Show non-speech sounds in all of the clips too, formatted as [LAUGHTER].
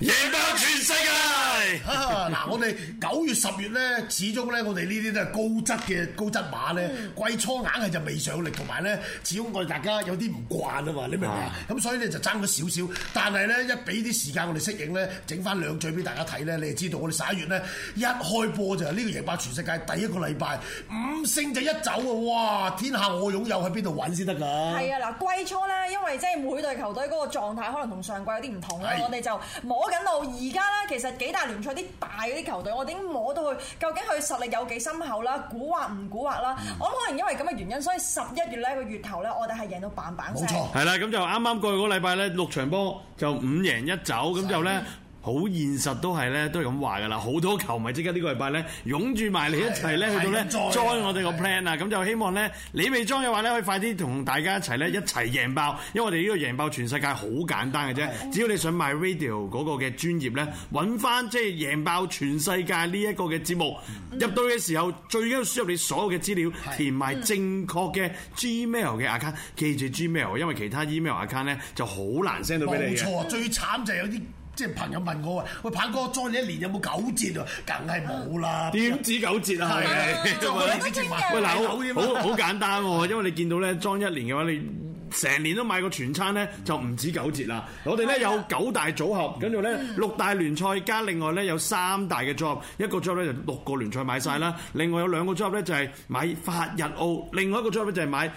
贏爆全世界！嗱，我哋九月十月咧，始終咧，我哋呢啲都係高質嘅高質馬咧。季初硬係就未上力，同埋咧，始終我哋大家有啲唔慣啊嘛，你明唔明嘛？咁所以咧就爭咗少少，但係咧一俾啲時間我哋適應咧，整翻兩嘴俾大家睇咧，你就知道我哋十一月咧一開波就係呢個贏霸全世界第一個禮拜五星就一走啊！哇，天下我擁有喺邊度揾先得㗎？係啊，嗱，季初咧，因為即係每隊球隊嗰個狀態可能同上季有啲唔同咧，我哋就摸緊到而家咧，其實幾大聯賽啲大啲球隊我點摸到佢？究竟佢實力有幾深厚啦？蠱惑唔蠱惑啦？我、嗯、可能因為咁嘅原因，所以十一月咧個月頭咧，我哋係贏到板板。冇沒錯，係啦。咁就啱啱過去個禮拜咧，六場波就五贏一走，咁、嗯、就咧。嗯好現實都係咧，都係咁話噶啦。好多球迷即刻呢個禮拜咧，擁住埋你一齊咧，的去到咧 join 我哋個 plan 啊！咁的就希望咧，你未裝嘅話咧，可以快啲同大家一齊咧，一齊贏爆！因為我哋呢個贏爆全世界好簡單嘅啫，的只要你想 MyRadio 嗰個嘅專頁咧，揾翻即係贏爆全世界呢一個嘅節目入到嘅時候，嗯、最緊要輸入你所有嘅資料，的填埋正確嘅 Gmail 嘅 account，記住 Gmail，因為其他 email account 咧就好難 send 到俾你嘅。冇錯，最慘就係有啲。即係朋友問我話：喂，彭哥，裝一年有冇九折啊？梗係冇啦，點止九折啊？係的，裝一年先止九折好好，好簡單喎，啊，因為你見到咧裝一年嘅話，你成 [LAUGHS] 年都買個全餐咧，就唔止九折啦。我哋咧有九大組合，跟住咧六大聯賽，加另外咧有三大嘅組合，一個組合咧就六個聯賽買晒啦。 [LAUGHS] 另外有兩個組合咧就係買法日澳，另外一個組合咧就係買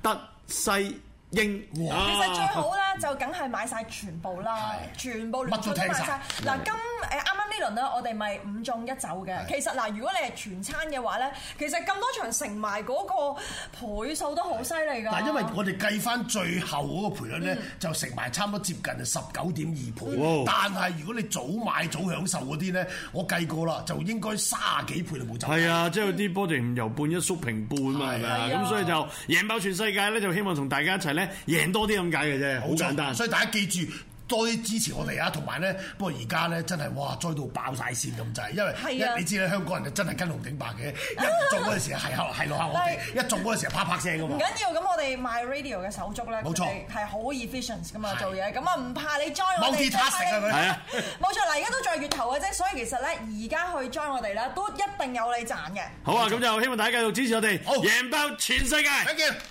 德西。應，其實最好咧，就梗係買晒全部啦，全部全部都買曬。嗱，今誒啱啱呢輪啦，我哋咪五中一走嘅。其實嗱，如果你係全餐嘅話咧，其實咁多場成埋嗰個倍數都好犀利㗎。嗱，因為我哋計翻最後嗰個賠率咧，就成埋差唔多接近十九點二倍。但係如果你早買早享受嗰啲咧，我計過啦，就應該卅幾倍嚟冇走。係啊，即係啲波唔由半一縮平半嘛，係咪啊？咁所以就贏爆全世界咧，就希望同大家一齊咧。贏多啲咁解嘅啫，好簡單。所以大家記住多啲支持我哋啊，同埋咧，不過而家咧真係哇，栽到爆晒線咁滯，因為你知啦，香港人就真係跟龍頂白嘅。一做嗰陣時係係落喺我哋，一做嗰陣時啪啪聲嘅。唔緊要，咁我哋 MyRadio 嘅手足咧，冇錯係好 efficient 嘅嘛做嘢，咁啊唔怕你 join 我哋。冇結他聲啊嘛，係啊，冇錯嗱，而家都在月頭嘅啫，所以其實咧，而家去 join 我哋啦，都一定有你賺嘅。好啊，咁就希望大家繼續支持我哋，贏爆全世界。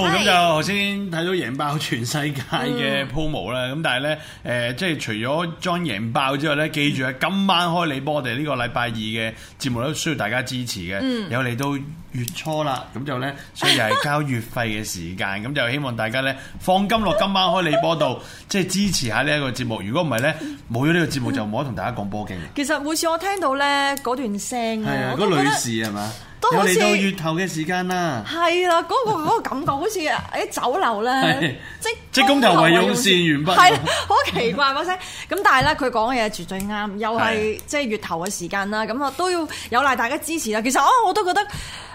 咁就頭先睇到贏爆全世界嘅 promo 咁、嗯、但係咧，誒、呃，即係除咗將贏爆之外咧，記住喺今晚開你波，我哋呢個禮拜二嘅節目都需要大家支持嘅。嗯、有又嚟到月初啦，咁就咧，所以又係交月費嘅時間，咁 [LAUGHS] 就希望大家咧放金落今晚開你波度，即係支持下呢一個節目。如果唔係咧，冇咗呢個節目就冇得同大家講波經。其實每次我聽到咧嗰段聲，係啊，嗰、那個、女士係嘛？都好似，又嚟到月頭嘅時間啦，係啦，嗰個嗰個感覺好似喺酒樓咧， [LAUGHS] 即職工就為勇用膳完畢，係好奇怪，嗰聲。咁但係咧，佢講嘅嘢絕對啱，又係即係月頭嘅時間啦。咁啊的，都要有賴大家支持啦。其實哦，我都覺得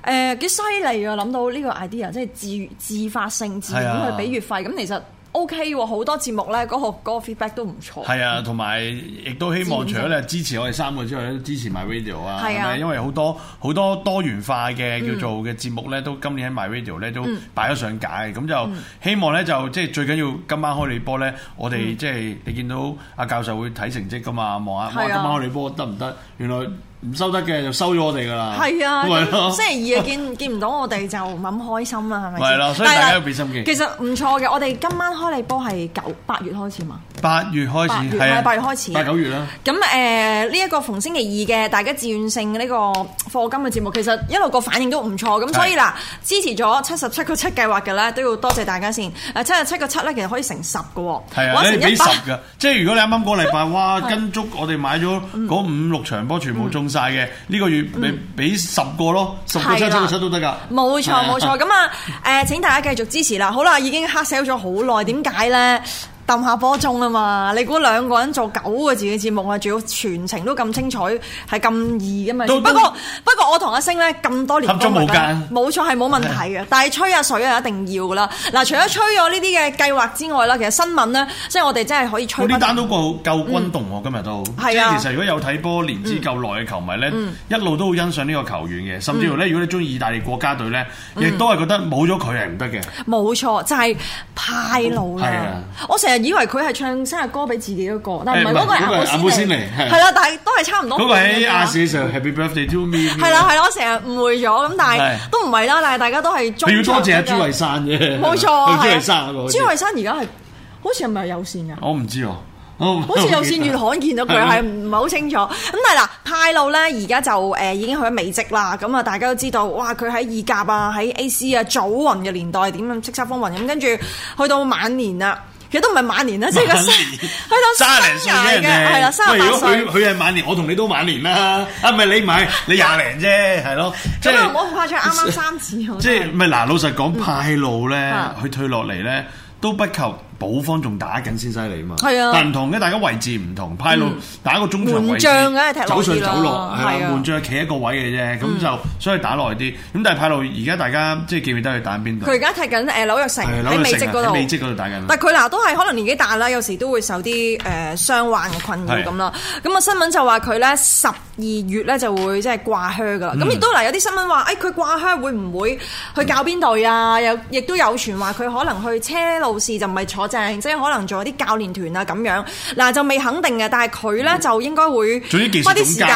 誒幾犀利啊！諗、呃、到呢個 idea，即係自自發性自願去俾月費。咁的其實。O K，好多節目咧，嗰個嗰個 feedback 都唔錯。係啊，同埋亦都希望，除咗咧支持我哋三個之外，都支持埋 my radio 是啊。係啊，因為好多好多多元化嘅叫做嘅節目咧，嗯、都今年喺 my radio 咧都擺咗上架咁、嗯、就希望咧，就即係最緊要今晚開你波咧，我哋、嗯、即係你見到阿教授會睇成績噶嘛，望下我今晚開你波得唔得？原來。唔收得嘅就收咗我哋噶啦，係啊，星期二啊，見見唔到我哋就唔咁開心啦，係咪？係啦，所以大家要畀心機。其實唔錯嘅，我哋今晚開你波係九八月開始嘛？八月開始，係啊，八月開始，八九月啦。咁誒，呢一個逢星期二嘅大家自願性嘅呢個課金嘅節目，其實一路個反應都唔錯，咁所以嗱，支持咗七十七個七計劃嘅咧，都要多謝大家先。誒，七十七個七咧，其實可以成十嘅，係啊，你俾十嘅，即係如果你啱啱個禮拜哇，跟足我哋買咗嗰五六場波全部中。晒嘅，呢個月個，俾俾十個咯，十個七七七都得噶。冇錯冇錯，咁啊，誒、呃，請大家繼續支持啦。好啦，已經黑 sell 咗好耐，點解咧？抌下波中啊嘛！你估兩個人做九個字嘅節目啊，仲要全程都咁清楚，係咁易噶嘛？不過不過，我同阿星咧，咁多年冇冇錯係冇問題嘅。但係吹下水又一定要噶啦。嗱，除咗吹咗呢啲嘅計劃之外啦，其實新聞咧，即係我哋真係可以吹。啲單都夠夠轟動喎，今日都即係其實如果有睇波年資夠耐嘅球迷咧，一路都好欣賞呢個球員嘅，甚至乎咧，如果你中意意大利國家隊咧，亦都係覺得冇咗佢係唔得嘅。冇錯，就係派路啦。我成日，以為佢係唱生日歌俾自己嗰個，但係唔係嗰個阿、哎那個、阿母先嚟係啦，但係都係差唔多。嗰位阿 Sir，Happy Birthday to me 係啦係啦，我成日誤會咗咁，但係都唔係啦，的但係大家都係要多謝阿朱慧珊嘅。冇錯，係的的朱慧珊。朱慧珊而家係好似係咪有線㗎？我唔知喎，知好似有線越罕見到佢係唔係好清楚咁。係啦，派路咧，而家就誒已經去咗美職啦。咁啊，大家都知道哇，佢喺意甲啊，喺 A C 啊，祖雲嘅年代點樣叱咤風雲咁，跟住去到晚年啊。其實都唔係晚年啦，即係個三，可以講三零啫。係啦，卅八歲。如果佢佢係晚年，我同你都晚年啦。啊，唔係你唔係，你廿零啫，係咯。即係唔好咁誇張，啱啱三次。即係咪嗱？老實講，派路咧，佢退落嚟咧，都不求。補方仲打緊先犀利啊嘛，但唔同嘅。大家位置唔同，派路打一個中場位置，走上走落，係啊，門將企一個位嘅啫，咁就所以打耐啲。咁但係派路而家大家即係記唔記得佢打邊度？佢而家踢緊誒紐約城喺美職嗰度，美職嗰度打緊。但佢嗱都係可能年紀大啦，有時都會受啲誒傷患嘅困擾咁咯。咁啊新聞就話佢咧十二月咧就會即係掛靴㗎啦。咁亦都嗱有啲新聞話誒佢掛靴會唔會去教邊隊啊？有亦都有傳話佢可能去車路士就唔係坐。正即係可能仲有啲教練團啊咁樣，嗱就未肯定嘅，但係佢咧就應該會花啲時間，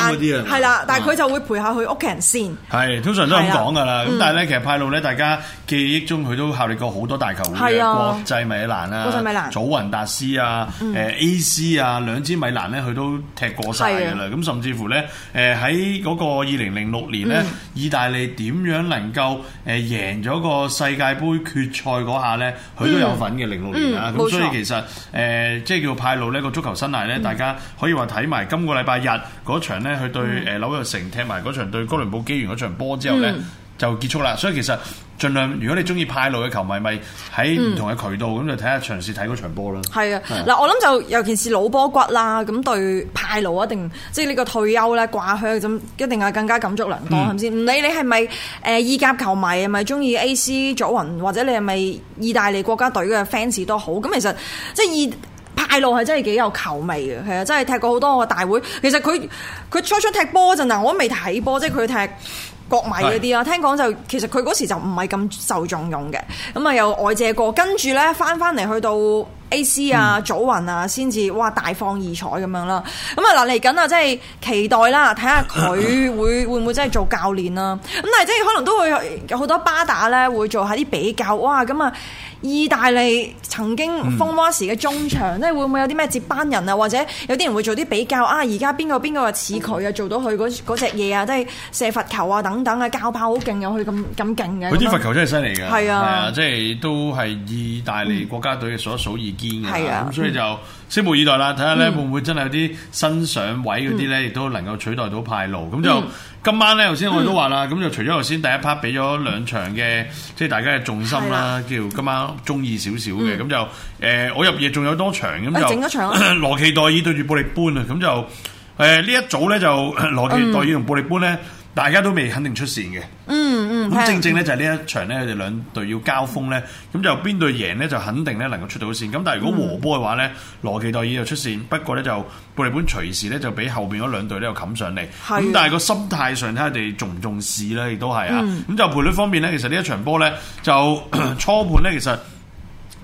係啦，但係佢就會陪下佢屋企人先。係通常都咁講㗎啦，咁但係咧，其實派路咧，大家記憶中佢都效力過好多大球會嘅，國際米蘭啊，國際米蘭、祖雲達斯啊、誒 AC 啊、兩支米蘭咧，佢都踢過世㗎啦。咁甚至乎咧，誒喺嗰個二零零六年咧，意大利點樣能夠誒贏咗個世界盃決賽嗰下咧，佢都有份嘅。零六年嘅。啊！咁所以其實誒，即係叫派路呢個足球生涯呢， [MUSIC] 嗯、大家可以話睇埋今個禮拜日嗰場咧，佢對誒紐約城踢埋嗰場對哥倫布機員嗰場波之後呢，就結束啦。嗯、所以其實～儘量，如果你中意派路嘅球迷，咪喺唔同嘅渠道咁、嗯、就睇下，嘗試睇嗰場波的的啦。係啊，嗱，我諗就尤其是老波骨啦，咁對派路一定即係呢個退休咧掛靴，咁一定係更加感觸良多，係咪、嗯？先、呃？唔理你係咪誒意甲球迷，係咪中意 AC 祖雲，或者你係咪意大利國家隊嘅 fans 都好。咁其實即係意派路係真係幾有球味嘅，係啊，真係踢過好多個大會。其實佢佢初初踢波嗰陣嗱，我都未睇波，即係佢踢。國米嗰啲啦，聽講就其實佢嗰時就唔係咁受重用嘅，咁啊又外借過，跟住咧返返嚟去到 AC 啊、祖雲啊，先至哇大放異彩咁樣啦。咁啊嗱嚟緊啊，即係期待啦，睇下佢會會唔會真係做教練啦。咁但係即係可能都會有好多巴打咧，會做下啲比較哇咁啊。意大利曾經風花時嘅中場，即係、嗯、會唔會有啲咩接班人啊？或者有啲人會做啲比較啊？而家邊個邊個似佢啊？做到佢嗰隻嘢啊？即係射罰球啊等等啊，教炮好勁啊，佢咁咁勁嘅。佢啲罰球真係犀利㗎，係啊，即係都係意大利國家隊數一數二堅嘅，咁、嗯啊、所以就。嗯拭目以待啦，睇下咧會唔會真係有啲新上位嗰啲咧，嗯、亦都能夠取代到派路。咁、嗯、就今晚咧，頭先我哋都話啦，咁、嗯、就除咗頭先第一 part 俾咗兩場嘅，即、就、係、是、大家嘅重心啦，嗯、叫今晚鍾意少少嘅。咁、嗯、就誒、呃，我入夜仲有多場咁、嗯、就，整咗場、啊、 [COUGHS] 羅奇代爾對住布力般啊。咁就誒呢、呃、一組咧就羅奇代爾同布力般咧。嗯大家都未肯定出線嘅、嗯，嗯正正嗯，咁正正咧就係呢一場咧，佢哋兩隊要交鋒咧，咁就邊隊贏咧就肯定咧能夠出到線。咁但係如果和波嘅話咧，羅奇代爾就出線，不過咧就布利本隨時咧就俾後邊嗰兩隊咧又冚上嚟。咁、啊、但係個心態上睇下佢哋重唔重視啦，亦都係啊。咁、嗯、就賠率方面咧，其實呢一場波咧就 [COUGHS] 初盤咧其實。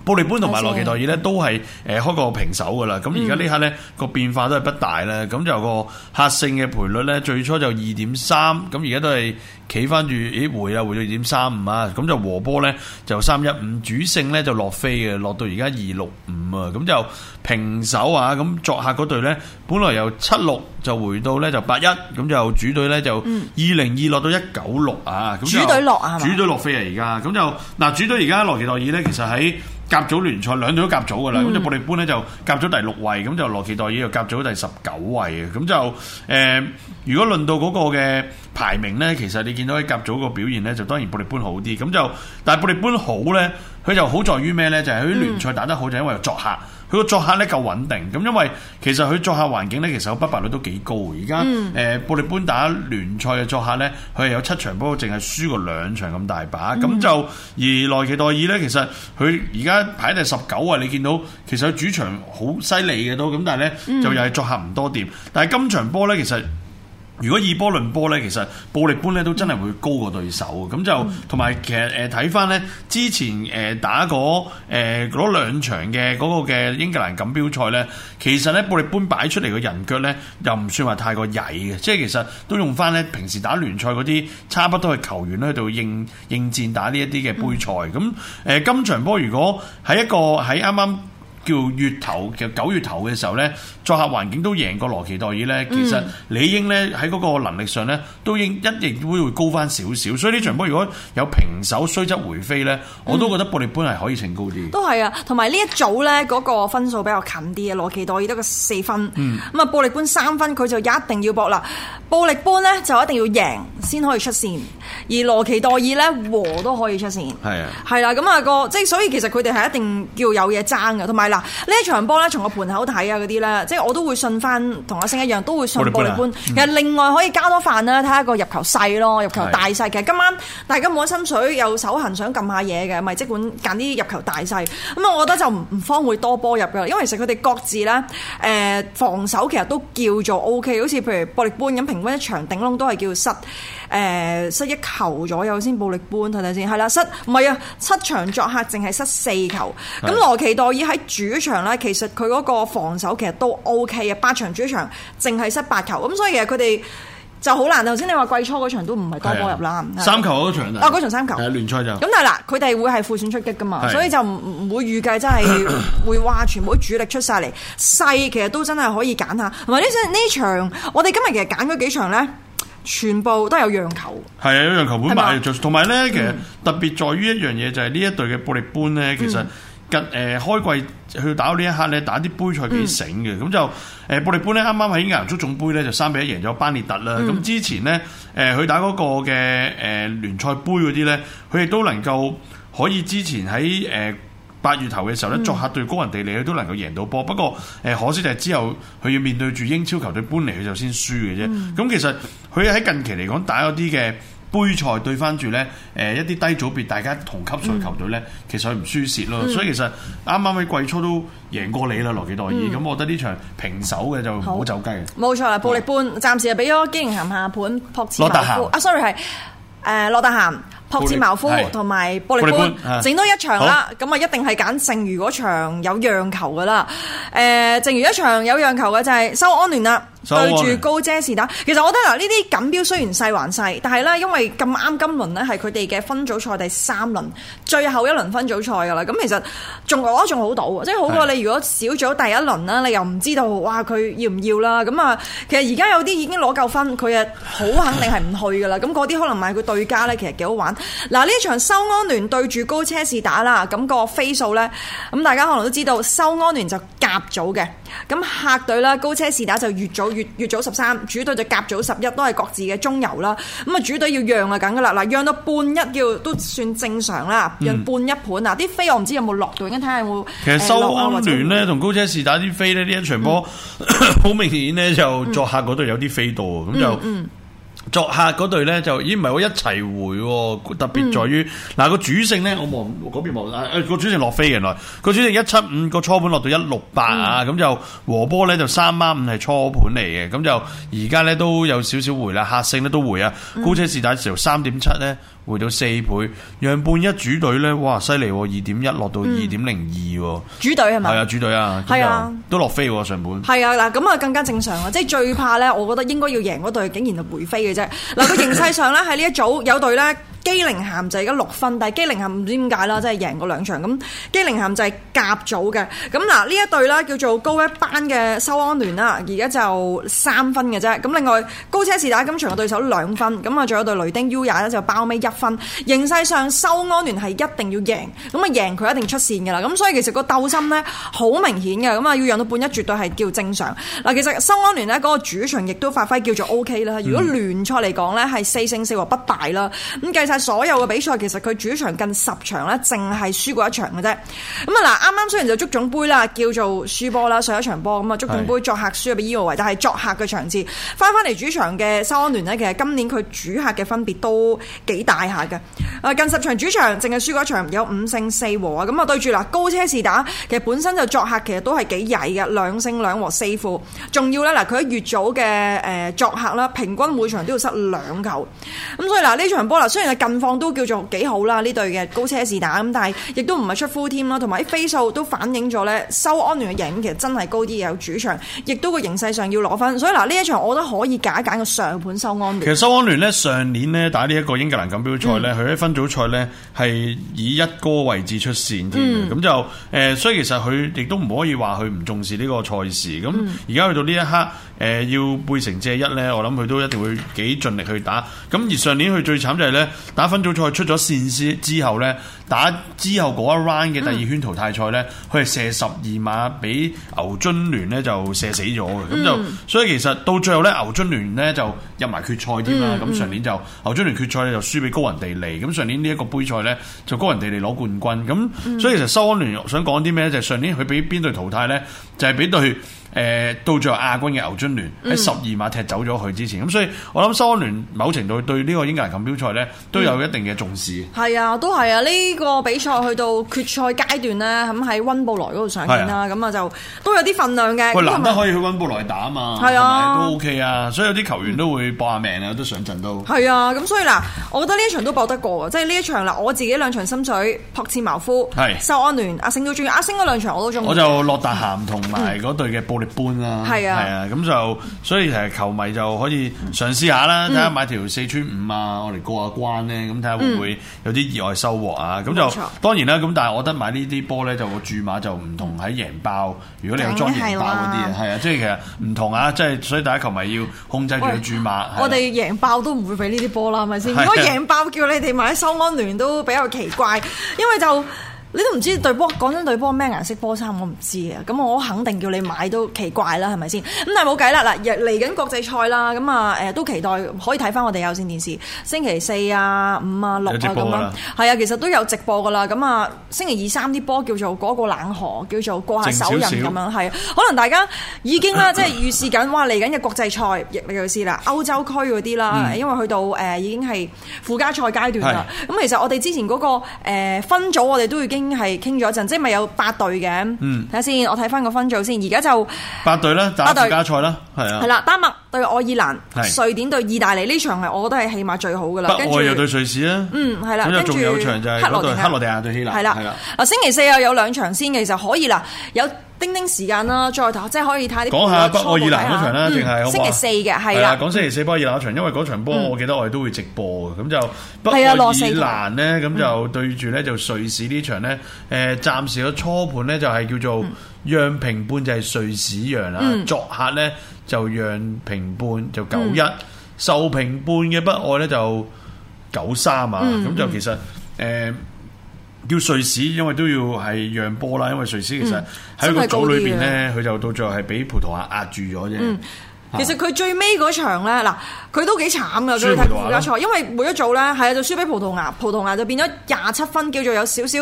布力般同埋羅奇代爾咧都係誒開個平手嘅啦，咁而家呢刻咧個變化都係不大咧，咁就有個客勝嘅賠率咧最初就二點三，咁而家都係企翻住咦回啊回到二點三五啊，咁就和波咧就三一五，主勝咧就落飛嘅，落到而家二六五啊，咁就平手啊，咁作客嗰隊咧本來由七六就回到咧就八一，咁就主隊咧、嗯、就二零二落到一九六啊，咁主隊落啊，主隊落飛啊而家，咁就嗱主隊而家羅奇代爾咧其實喺。甲組聯賽兩隊都甲組噶啦，咁、嗯、就布利般咧就甲組第六位，咁就羅奇代爾又甲組第十九位嘅，咁就誒、呃，如果論到嗰個嘅排名咧，其實你見到喺甲組個表現咧，就當然布利般好啲，咁就但係布利般好咧。佢就好在於咩呢？就係、係、佢聯賽打得好，就因為有作客，佢個作客呢夠穩定。咁因為其實佢作客環境呢，其實有不敗率都幾高。而家誒布利班打聯賽嘅作客呢，佢係有七場波，淨係輸過兩場咁大把。咁、嗯、就而奈奇代爾呢，其實佢而家排第十九啊！你見到其實佢主場好犀利嘅都咁，但係呢，嗯、就又係作客唔多掂。但係今場波呢，其實。如果以波論波咧，其實布力般咧都真係會高過對手嘅，咁就同埋、嗯、其實誒睇翻咧之前誒、呃、打嗰誒嗰兩場嘅嗰個嘅英格蘭錦標賽咧，其實咧布力般擺出嚟嘅人腳咧又唔算話太過曳嘅，即係其實都用翻咧平時打聯賽嗰啲差不多嘅球員咧喺度應應戰打呢一啲嘅杯賽。咁誒、嗯呃、今場波如果喺一個喺啱啱。叫月頭，其實九月頭嘅時候咧，作客環境都贏過羅奇代爾咧。嗯、其實理應咧喺嗰個能力上咧，都應一定然會高翻少少。所以呢場波如果有平手雖則回飛咧，嗯、我都覺得布力般係可以勝高啲。都係啊，同埋呢一組咧嗰個分數比較近啲啊。羅奇代爾得個四分，咁啊、嗯、布力般三分，佢就一定要搏啦。布力般咧就一定要贏先可以出線，而羅奇代爾咧和都可以出線。係是啊，啊，係、那、啦、個，咁啊個即係所以其實佢哋係一定叫有嘢爭嘅，同埋呢一場波咧，從個盤口睇啊，嗰啲咧，即係我都會信返，同阿聲一樣，都會信布力般。其實、嗯、另外可以加多飯啦，睇下個入球細咯，入球大細。是的 其實今晚大家冇乜心水，又手痕想撳下嘢嘅，咪即管揀啲入球大細。咁啊，我覺得就唔方會多波入噶，因為其實佢哋各自咧，誒、呃、防守其實都叫做 O K，好似譬如布力般咁，平均一場頂籠都係叫做失。誒、呃、失一球左右先暴力半睇睇先，係啦，失唔係啊，七場作客淨係失四球。咁的羅奇代爾喺主場咧，其實佢嗰個防守其實都 O K 嘅，八場主場淨係失八球。咁所以其實佢哋就好難。頭先你話季初嗰場都唔係多波入啦，的的三球嗰場啊，嗰、哦、場三球，聯賽就咁但係嗱，佢哋會係副選出擊㗎嘛，的所以就唔唔會預計真係會話全部主力出晒嚟。 [COUGHS] 細其實都真係可以揀下，同埋呢呢場我哋今日其實揀咗幾場咧。全部都有讓球，係啊，有讓球盤賣，同埋咧，其實特別在於一樣嘢就係、是、呢一隊嘅布力般咧，其實近誒、呃、開季去打到呢一刻咧，打啲杯賽幾醒嘅，咁、嗯、就誒、呃、布力般咧啱啱喺亞洲足總杯咧就三比一贏咗班列特啦，咁、嗯、之前咧誒佢打嗰個嘅誒、呃、聯賽杯嗰啲咧，佢亦都能夠可以之前喺誒。呃八月頭嘅時候咧，作客對高雲地利咧都能夠贏到波。不過誒，可惜就係之後佢要面對住英超球隊般尼，佢就先輸嘅啫。咁其實佢喺近期嚟講打咗啲嘅杯賽對翻住咧，誒一啲低組別大家同級賽球隊咧，嗯、其實佢唔輸蝕咯。嗯、所以其實啱啱喺季初都贏過你啦，羅傑代爾。咁、嗯、我覺得呢場平手嘅就唔好走雞。冇錯啦，布力般暫時係俾咗經營咸下盤，撲前羅達咸啊，sorry 係誒，羅達咸。托志茅夫同埋玻璃杯，整多一場啦。咁啊的，一定係揀剩餘嗰場有讓球噶啦。誒、呃，剩餘一場有讓球嘅就係收安聯啦。對住高車士打，其實我覺得嗱，呢啲錦標雖然細還細，但係呢，因為咁啱今輪呢係佢哋嘅分組賽第三輪，最後一輪分組賽㗎啦。咁其實仲我仲好賭，即係好過你如果小組第一輪啦，你又唔知道，哇佢要唔要啦？咁啊，其實而家有啲已經攞夠分，佢啊好肯定係唔去㗎啦。咁嗰啲可能買佢對家呢，其實幾好玩。嗱，呢場收安聯對住高車士打啦，咁個飛數呢，咁大家可能都知道收安聯就甲組嘅，咁客隊啦，高車士打就越組。月粵組十三主隊就夾組十一都係各自嘅中游啦，咁啊主隊要讓啊梗噶啦，嗱讓到半一要都算正常啦，讓半一盤嗱啲飛我唔知有冇落到，咁睇下有冇。其實收歐聯咧同高車士打啲飛呢，呢一場波好、嗯、 [COUGHS] 明顯咧就作客嗰度有啲飛多咁就。嗯作客嗰隊咧就已唔係好一齊回、喔，特別在於嗱個主勝咧，我望，嗰邊望，誒、呃、個主勝落飛原來個主勝一七五個初盤落到一六八啊，咁就和波咧就三孖五係初盤嚟嘅，咁就而家咧都有少少回啦，客勝咧都回啊，姑、嗯、車是打時候三點七咧回到四倍，讓半一主隊咧哇犀利，二點一落到二點零二，主隊係咪？係啊，主隊啊，係啊，都落飛上盤，係啊嗱，咁啊更加正常啊，即係最怕咧，我覺得應該要贏嗰隊竟然就回飛嘅。嗱，個 [LAUGHS] 形勢上咧喺呢一組有隊咧。基寧咸就而家六分，但係基寧咸唔知點解啦，即係贏過兩場。咁基寧咸就係甲組嘅。咁嗱呢一隊啦，叫做高一班嘅修安聯啦，而家就三分嘅啫。咁另外高車士打今場嘅對手兩分，咁啊仲有對雷丁 U 廿一就包尾一分。形勢上修安聯係一定要贏，咁啊贏佢一定出線噶啦。咁所以其實個鬥心呢好明顯嘅，咁啊要讓到半一絕對係叫正常。嗱，其實修安聯呢嗰個主場亦都發揮叫做 OK 啦。如果聯賽嚟講呢係四勝四和不敗啦。咁計晒。所有嘅比賽其實佢主場近十場咧，淨係輸過一場嘅啫。咁啊嗱，啱啱雖然就足總杯啦，叫做輸波啦，上一場波咁啊，足總杯作客輸入俾伊奧維，但係作客嘅場次翻翻嚟主場嘅沙安聯咧，其實今年佢主客嘅分別都幾大下嘅。啊，近十場主場淨係輸過一場，有五勝四和啊。咁啊對住啦，高車士打其實本身就作客，其實都係幾曳嘅，兩勝兩和四負。仲要呢。嗱，佢喺月組嘅誒作客啦，平均每場都要失兩球。咁所以嗱，呢場波啦，雖然係近況都叫做幾好啦，呢隊嘅高車士打咁，但係亦都唔係出 full team 啦，同埋啲飛數都反映咗咧，修安聯嘅贏其實真係高啲嘅，有主場，亦都個形勢上要攞分，所以嗱呢一場，我覺得可以揀一揀個上盤修安聯。其實修安聯呢上年呢打呢一個英格蘭錦標賽呢，佢喺、嗯、分組賽呢係以一哥位置出線添，咁、嗯、就誒、呃，所以其實佢亦都唔可以話佢唔重視呢個賽事，咁而家去到呢一刻。誒要背城借一呢，我諗佢都一定會幾盡力去打。咁而上年佢最慘就係呢，打分組賽出咗線之之後咧，打之後嗰一 round 嘅第二圈淘汰賽呢，佢係、嗯、射十二碼俾牛津聯呢就射死咗嘅。咁、嗯、就所以其實到最後呢，牛津聯呢就入埋決賽添啦。咁上、嗯、年就、嗯、牛津聯決賽就輸俾高雲地利。咁上年呢一個杯賽呢就高雲地利攞冠軍。咁所以其實蘇安聯想講啲咩咧？就上、是、年佢俾邊隊淘汰呢？就係、是、俾對。誒到最後亞軍嘅牛津聯喺十二碼踢走咗佢之前，咁、嗯、所以我諗蘇安聯某程度對呢個英格蘭錦標賽咧都有一定嘅重視。係、嗯、啊，都係啊，呢、這個比賽去到決賽階段咧，咁喺溫布萊嗰度上邊啦，咁是啊就都有啲份量嘅。佢難得可以去溫布萊打啊嘛，係是啊是是，都 OK 啊，所以有啲球員都會搏下命上啊，都想盡都。係啊，咁所以嗱，我覺得呢一場都搏得過嘅， [LAUGHS] 即係呢一場啦，我自己兩場心水，撲切茅，茅夫，係蘇是、啊、安聯阿聲都中，意，阿聲嗰兩場我都中。意。我就洛達鹹同埋嗰隊嘅布。搬啦，係啊，係啊，咁就所以其實，球迷就可以嘗試下啦，睇下買條四串五啊，我嚟過下關咧，咁睇下會唔會有啲意外收穫啊？咁就當然啦，咁但係我覺得買呢啲波咧，就個注碼就唔同喺贏爆。如果你有莊贏爆嗰啲啊，係啊，即係其實唔同啊，即係所以大家球迷要控制住個注碼。我哋贏爆都唔會俾呢啲波啦，係咪先？如果贏爆叫你哋買收安聯都比較奇怪，因為就。你都唔知對波，講真對波咩顏色波衫我唔知啊！咁我肯定叫你買都奇怪啦，係咪先？咁但係冇計啦，嗱嚟嚟緊國際賽啦，咁啊誒都期待可以睇返我哋有線電視星期四啊、五啊、六啊咁樣。係啊，其實都有直播㗎啦。咁啊，星期二三啲波叫做嗰個冷河，叫做過下手癮咁小樣。係，可能大家已經啦， [LAUGHS] 即係預示緊哇嚟緊嘅國際賽，亦你又知啦，歐洲區嗰啲啦，因為去到誒、呃、已經係附加賽階段啦。咁是其實我哋之前嗰、嗰個、呃、分組，我哋都已經。係傾咗一陣，即係咪有八隊嘅？嗯，睇下先，我睇翻個分組先。而家就八隊啦，隊打附加賽啦，係啊。係啦，丹麥對愛爾蘭，是啊、瑞典對意大利呢場係，我覺得係起碼最好噶啦。北愛又對瑞士、嗯、對啦，嗯，係啦。咁又仲有場就係克羅克羅地亞對希臘，係啦。嗱啦，星期四又有兩場先嘅，其實可以啦，有。叮叮時間啦，再即係可以睇啲。講下北愛爾蘭嗰場啦，定係、嗯、星期四嘅係啦。講了、嗯、星期四北愛爾蘭場，因為嗰場波我記得我哋都會直播嘅，咁、嗯、就北愛爾蘭呢，咁、嗯、就對住呢，就瑞士呢場呢，誒、呃、暫時嘅初盤呢，就係叫做讓平半，就係瑞士讓啦，嗯、作客呢，就讓平半就九一、嗯，受平半嘅北愛呢就 93,、嗯，就九三啊，咁就其實誒。嗯嗯嗯嗯嗯嗯叫瑞士，因為都要係讓波啦，因為瑞士其實喺個組裏邊咧，佢就到最後係畀葡萄牙壓住咗啫。嗯其實佢最尾嗰場咧，嗱佢都幾慘嘅，佢睇附加賽，因為每一組咧係就輸俾葡萄牙，葡萄牙就變咗廿七分叫做有少少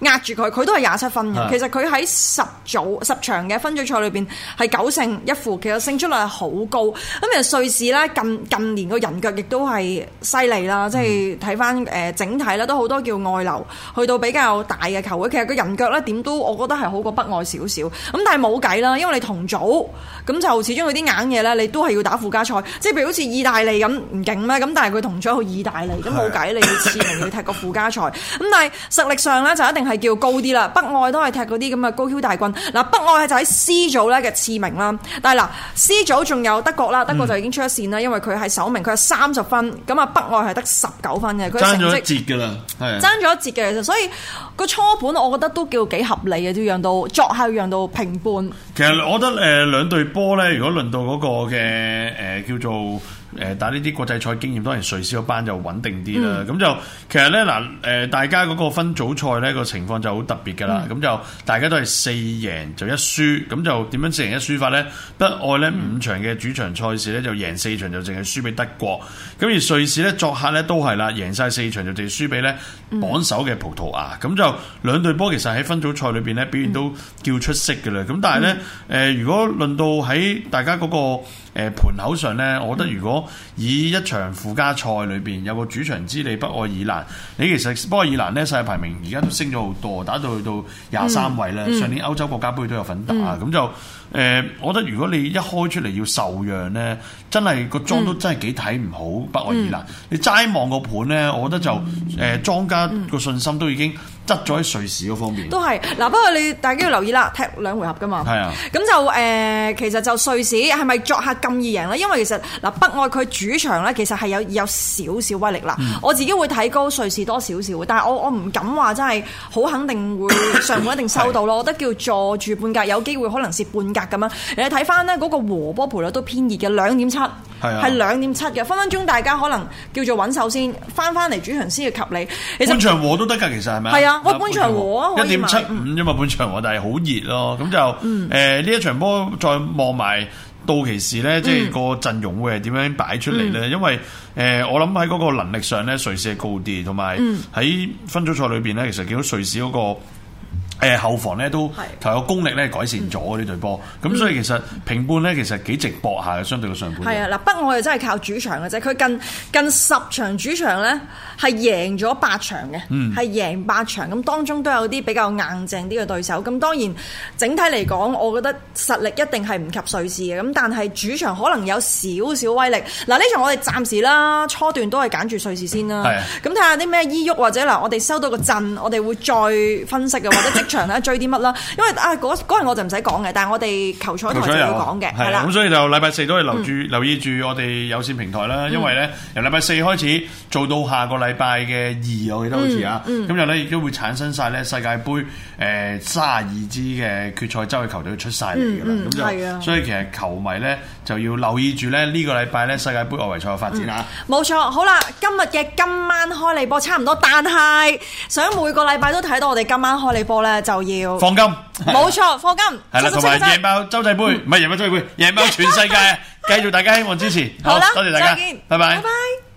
壓住佢，佢都係廿七分嘅。是的 其實佢喺十組十場嘅分組賽裏邊係九勝一負，其實勝出率係好高。咁其實瑞士咧近近年個人腳亦都係犀利啦，即係睇翻誒整體咧都好多叫外流去到比較大嘅球會，其實個人腳咧點都我覺得係好過北愛少少。咁但係冇計啦，因為你同組咁就始終有啲硬嘢。你都係要打附加賽，即係譬如好似意大利咁唔勁咩？咁但係佢同咗去意大利咁冇計，你要次名去踢個附加賽。咁 [LAUGHS] 但係實力上咧就一定係叫高啲啦。北愛都係踢嗰啲咁嘅高 Q 大軍。嗱，北愛就喺 C 組咧嘅次名啦。但係嗱，C 組仲有德國啦，德國就已經出咗線啦，嗯、因為佢係首名，佢係三十分。咁啊，北愛係得十九分嘅，佢、嗯、成績。爭咗一截噶啦，爭咗一截嘅，其實，所以個初盤我覺得都叫幾合理嘅，都讓到作下讓到平半。其實我覺得誒，兩隊波咧，如果輪到嗰個嘅誒，叫做。誒，打呢啲國際賽經驗當然瑞士嗰班就穩定啲啦。咁、嗯、就其實呢，嗱，誒大家嗰個分組賽呢個情況就好特別噶啦。咁、嗯、就大家都係四贏就一輸，咁就點樣四贏一輸法呢？嗯、不外呢五場嘅主場賽事呢就贏四場，就淨係輸俾德國。咁而瑞士呢，作客呢都係啦，贏晒四場就淨係輸俾呢榜首嘅葡萄牙。咁、嗯、就兩隊波其實喺分組賽裏邊呢表現都叫出色噶啦。咁、嗯、但係呢，誒、呃，如果論到喺大家嗰、嗰個。誒盤口上呢，我覺得如果以一場附加賽裏邊有個主場之利，北愛爾蘭，你其實北愛爾蘭呢，世界排名而家都升咗好多，打到去到廿三位呢。嗯嗯、上年歐洲國家杯都有份打啊，咁、嗯、就誒、呃，我覺得如果你一開出嚟要受讓呢，嗯、真係個莊都真係幾睇唔好北愛爾蘭，嗯、你齋望個盤呢，我覺得就誒、嗯嗯嗯、莊家個信心都已經。執咗喺瑞士嗰方面，都係嗱。不過你大家要留意啦，踢兩回合噶嘛。係是啊。咁就誒，其實就瑞士係咪作客咁易贏咧？因為其實嗱，北愛佢主場咧，其實係有有少少威力啦。嗯、我自己會睇高瑞士多少少，但係我我唔敢話真係好肯定會上盤一定收到咯。 [LAUGHS] 是的 我覺得叫坐住半格，有機會可能是半格咁樣。你睇翻咧嗰個和波賠率都偏熱嘅兩點七。係是是 2. 啊，係兩點七嘅，分分鐘大家可能叫做揾手先，翻翻嚟主場先要及你。其實半場和都得噶，其實係咪啊？係啊，我半場和啊，一點七五啫嘛，半場和，但係好熱咯。咁、嗯、就誒呢、呃、一場波再望埋到期時咧，即係個陣容會係點樣擺出嚟咧？嗯嗯、因為誒、呃，我諗喺嗰個能力上咧，瑞士係高啲，同埋喺分組賽裏邊咧，其實見到瑞士嗰，那個。誒後防咧都，又有功力咧改善咗呢隊波，咁、嗯、所以其實平半咧其實幾直搏下嘅，相對嘅上半、嗯。係、嗯、啊，嗱北愛又真係靠主場嘅啫，佢近近十場主場咧係贏咗八場嘅，係、嗯、贏八場，咁當中都有啲比較硬淨啲嘅對手，咁當然整體嚟講，我覺得實力一定係唔及瑞士嘅，咁但係主場可能有少少威力。嗱呢場我哋暫時啦，初段都係揀住瑞士先啦，咁睇下啲咩伊喐或者嗱，我哋收到個陣，我哋會再分析嘅或者。場睇追啲乜啦？因為啊，嗰嗰日我就唔使講嘅，但係我哋球賽台就要講嘅，係啦。咁的、嗯、所以就禮拜四都係留住、嗯、留意住我哋有線平台啦。因為咧，嗯、由禮拜四開始做到下個禮拜嘅二，我記得好似啊。咁、嗯嗯、就咧亦都會產生晒咧世界盃誒卅二支嘅決賽周嘅球隊出晒嚟嘅啦。咁就係啊，嗯、所以其實球迷咧。就要留意住咧，這個、禮呢個禮拜咧世界盃外圍賽嘅發展啊、嗯！冇錯，好啦，今日嘅今晚開你波差唔多，但係想每個禮拜都睇到我哋今晚開你波咧，就要放金。冇錯，放金。係啦， [LAUGHS] 唔係贏爆周仔杯，唔係贏爆周仔杯，贏爆全世界。周 [LAUGHS] 繼續大家希望支持。好，好啦，多謝大家，拜拜。